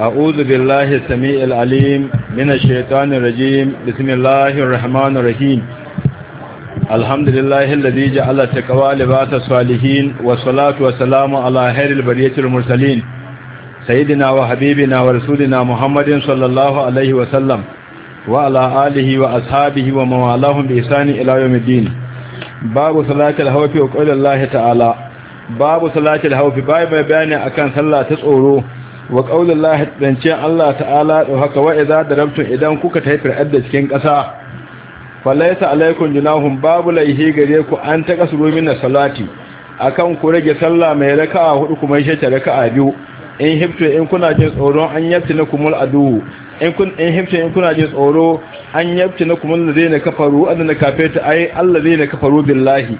أعوذ بالله السميع العليم من الشيطان الرجيم بسم الله الرحمن الرحيم الحمد لله الذي جعل التقوى لباس الصالحين والصلاة والسلام على خير البرية المرسلين سيدنا وحبيبنا ورسولنا محمد صلى الله عليه وسلم وعلى آله وأصحابه وموالاهم بإحسان إلى يوم الدين باب صلاة الخوف وقول الله تعالى باب صلاة الخوف باب بيان أكان صلاة تصوره wa ƙaunar lahi Allah ta'ala da haka wa'i za da rabtun idan kuka ta haifar adda cikin ƙasa falaisa alaikun junahun babu laihi gare ku an ta ƙasa rumin na salati akan ku rage sallah mai raka'a hudu kuma yi shaita raka'a biyu in hifto in kuna jin tsoro an yabta na kumul adu in kun in hifto in kuna jin tsoro an yabta na kumul ladina kafaru adana kafeta ai Allah na kafaru billahi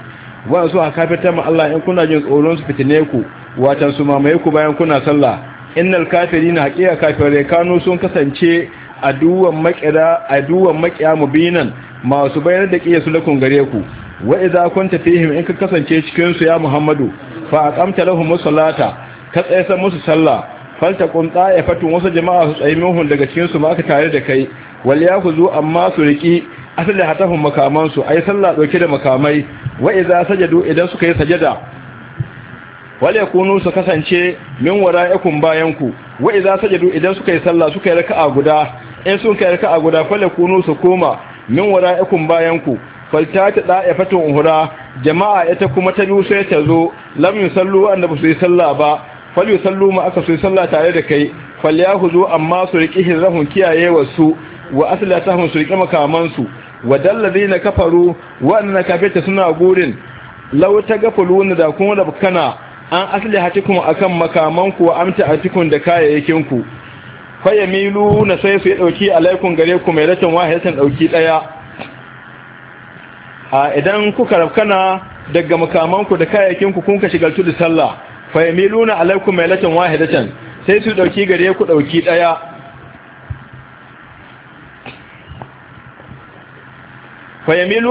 wa su ha kafeta ma Allah in kuna jin tsoron su fitine ku watan su mamaye ku bayan kuna sallah innal kafirin haqiqa kafirai kanu sun kasance aduwan maqira aduwan maqiya mubinan masu bayar da kiyasu lakum gare ku wa idza kunta fihim in ka kasance cikin su ya muhammadu fa aqamta lahum musallata ka tsaye musu sallah falta kun tsaya fatun wasu jama'a su tsaye muhun daga cikin su aka tare da kai wal yakhudhu amma su riki asali hatahum makamansu. su ay sallah dauke da makamai wa idza sajadu idan suka yi sajada wale kunu su kasance min wara'ikum bayanku wa idza sajadu idan suka yi sallah suka yi raka'a guda in sun kai raka'a guda fale kunu su koma min wara'ikum bayanku faltata fatu uhra jama'a ita kuma ta biyu sai ta zo lam yusallu annabi basu yi sallah ba fal yusallu ma aka su yi sallah tare da kai yahuzu amma su riki hirrahun kiyaye wasu wa aslatahum su riƙi makamansu wa dallazina kafaru wa annaka kafirta suna gurin law tagafuluna da kuma da kana an aslihatikum akan makamanku wa amta amta'atikum da kayayyakinku fayamilu na sai su ya dauki alaikum gare ku mai ratin wahiyatan dauki daya a idan kuka rafkana daga makamanku da kayayyakinku kun ka shigaltu da sallah na alaikum mai ratin wahidatan sai su dauki gare ku dauki daya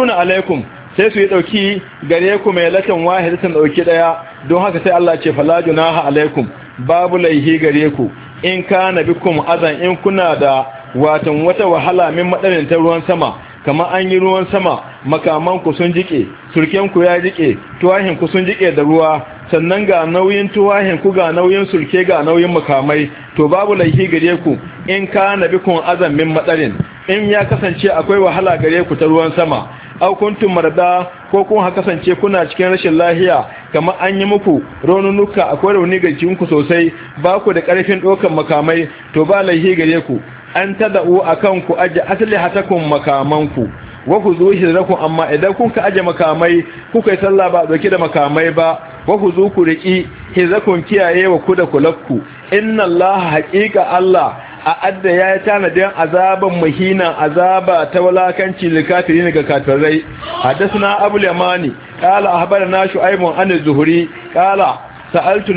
na alaikum sai su yi ɗauki gare ku mai latin sun ɗauki ɗaya don haka sai Allah ce na junaha alaikum babu laihi gare ku in ka na bi kuma azan in kuna da watan wata wahala min madanin ta ruwan sama kamar an yi ruwan sama makaman ku sun jike surken ku ya jike tuwahin ku sun jike da ruwa sannan ga nauyin tuwahin ku ga nauyin surke ga nauyin makamai to babu laihi gare ku in ka na bi kuma azan min madarin in ya kasance akwai wahala gare ku ta ruwan sama aw kuntum marda ko kun ha kasance kuna cikin rashin lahiya kamar an yi muku raununuka akwai rauni ga jikinku sosai ba ku da karfin dokan makamai to ba laihi gare ku an tada'u akan ku aje asli hatakum makamanku wa ku zo amma idan kun ka aje makamai kuka yi sallah ba dauke da makamai ba wa ku zo ku riki hijirakum kiyaye wa ku da kulakku inna allaha haqiqa allah a adda ya yi tanadin azaban muhina azaba ta walakanci likafiri ga katarai haddasa abu lamani kala ahbar na shu'aibun an zuhuri kala sa'altu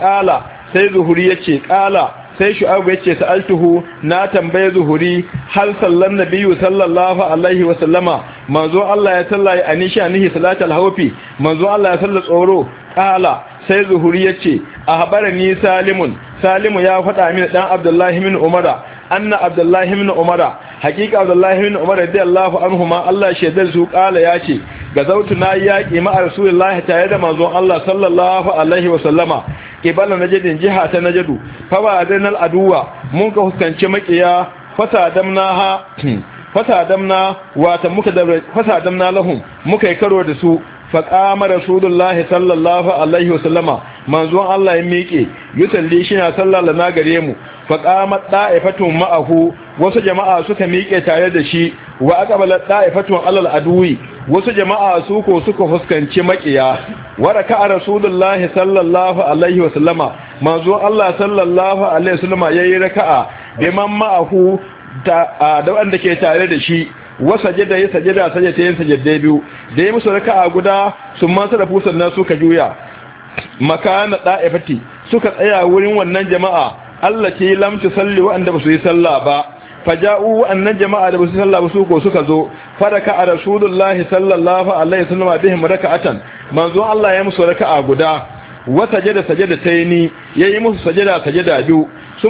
kala sai zuhuri yace kala sai shu'aib yace sa'altuhu na tambaye zuhuri hal sallan nabiyyu sallallahu alaihi wa sallama manzo Allah ya sallaye anisha nihi salatul hawfi manzo Allah ya salla tsoro kala sai zuhuri yace ahbarani salimun salimu ya faɗa mini ɗan abdullahi min umara anna abdullahi min umara haƙiƙa abdullahi min umara radiyallahu anhu ma Allah shaidar su kala ya ce ga zautu na yaƙi ma lahi tare da manzon Allah sallallahu alaihi wa sallama kibala najadin jiha ta najadu fa ba adanal aduwa mun ka huskanci maƙiya fata damna ha fata damna wata muka fata damna lahum muka yi karo da su faƙama rasulullahi sallallahu alaihi wasallama manzon Allah ya miƙe yusalli shi na sallala na gare mu faƙama ɗa'ifatun ma'ahu wasu jama'a suka miƙe tare da shi wa aqbala ɗa'ifatun alal aduwi wasu jama'a su ko suka fuskanci maƙiya waraka a rasulullahi sallallahu alaihi wasallama manzon Allah sallallahu alaihi wasallama yayi raka'a biman ma'ahu da wanda ke tare da shi wa sajada ya sajada sajada ta yin sajadai biyu da ya musu raka'a guda sun man sarrafu sannan suka juya makana da'ifati suka tsaya wurin wannan jama'a Allah ce lamci salli wa'anda ba su yi sallah ba faja'u wa'annan jama'a da ba su yi sallah ba su ko suka zo faraka a rasulullahi sallallahu alaihi wasallam bihim raka'atan manzon Allah ya musu raka'a guda wa sajada sajada tayni yayi musu sajada sajada biyu